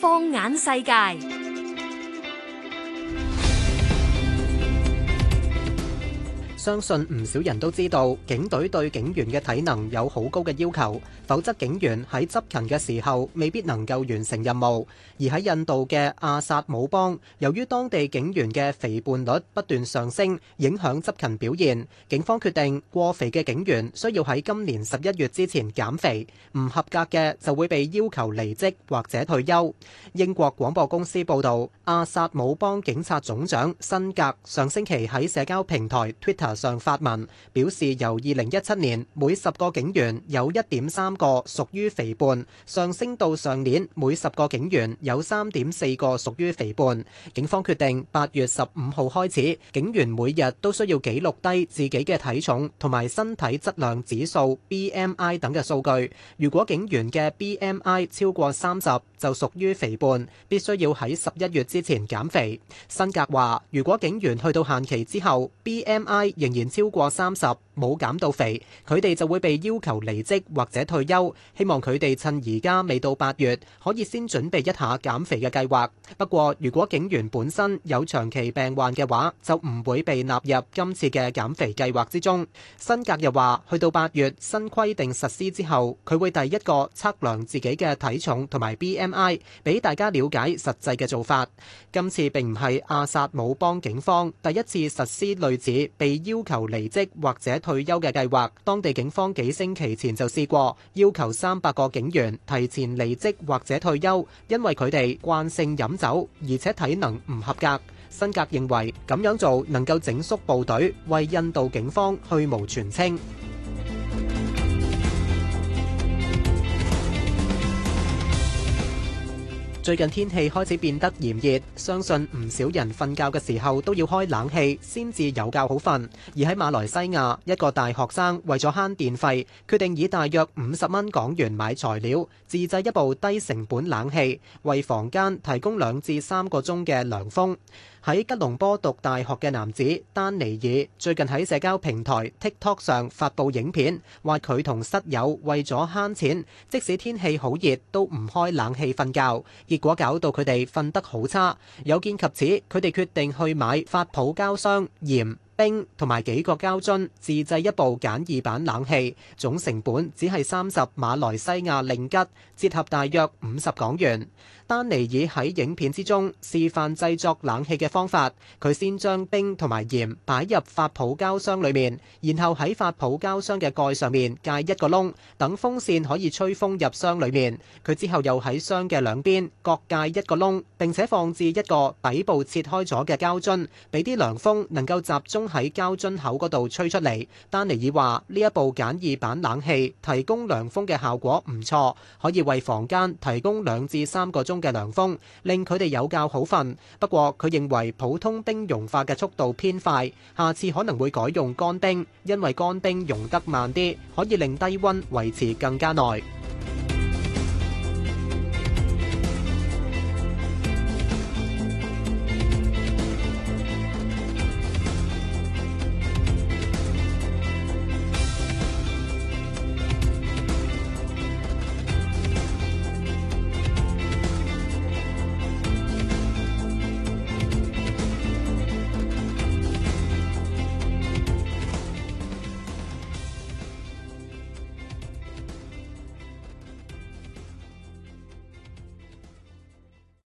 放眼世界。相信唔少人都知道，警隊對警員嘅體能有好高嘅要求，否則警員喺執勤嘅時候未必能夠完成任務。而喺印度嘅阿薩姆邦，由於當地警員嘅肥胖率不斷上升，影響執勤表現，警方決定過肥嘅警員需要喺今年十一月之前減肥，唔合格嘅就會被要求離職或者退休。英國廣播公司報道，阿薩姆邦警察總長辛格上星期喺社交平台 Twitter 上發文表示，由二零一七年每十個警員有一點三個屬於肥胖，上升到上年每十個警員有三點四個屬於肥胖。警方決定八月十五號開始，警員每日都需要記錄低自己嘅體重同埋身體質量指數 （BMI） 等嘅數據。如果警員嘅 BMI 超過三十，就屬於肥胖，必須要喺十一月之前減肥。辛格話，如果警員去到限期之後，BMI 仍然超過三十，冇減到肥，佢哋就會被要求離職或者退休。希望佢哋趁而家未到八月，可以先準備一下減肥嘅計劃。不過，如果警員本身有長期病患嘅話，就唔會被納入今次嘅減肥計劃之中。辛格又話：去到八月新規定實施之後，佢會第一個測量自己嘅體重同埋 BMI，俾大家了解實際嘅做法。今次並唔係阿薩姆邦警方第一次實施類似被要求離職或者退休嘅計劃，當地警方幾星期前就試過要求三百個警員提前離職或者退休，因為佢哋慣性飲酒，而且體能唔合格。辛格認為咁樣做能夠整肅部隊，為印度警方去蕪存菁。最近天氣開始變得炎熱，相信唔少人瞓覺嘅時候都要開冷氣先至有覺好瞓。而喺馬來西亞，一個大學生為咗慳電費，決定以大約五十蚊港元買材料，自製一部低成本冷氣，為房間提供兩至三個鐘嘅涼風。喺吉隆坡讀大學嘅男子丹尼爾最近喺社交平台 TikTok 上發佈影片，話佢同室友為咗慳錢，即使天氣好熱都唔開冷氣瞓覺。結果搞到佢哋瞓得好差，有見及此，佢哋決定去買發泡膠箱、鹽、冰同埋幾個膠樽，自製一部簡易版冷氣，總成本只係三十馬來西亞令吉，折合大約五十港元。丹尼爾喺影片之中示範製作冷氣嘅方法，佢先將冰同埋鹽擺入發泡膠箱裏面，然後喺發泡膠箱嘅蓋上面界一個窿，等風扇可以吹風入箱裏面。佢之後又喺箱嘅兩邊各界一個窿，並且放置一個底部切開咗嘅膠樽，俾啲涼風能夠集中。喺膠樽口嗰度吹出嚟。丹尼爾話：呢一部簡易版冷氣提供涼風嘅效果唔錯，可以為房間提供兩至三個鐘嘅涼風，令佢哋有覺好瞓。不過佢認為普通冰融化嘅速度偏快，下次可能會改用乾冰，因為乾冰融得慢啲，可以令低溫維持更加耐。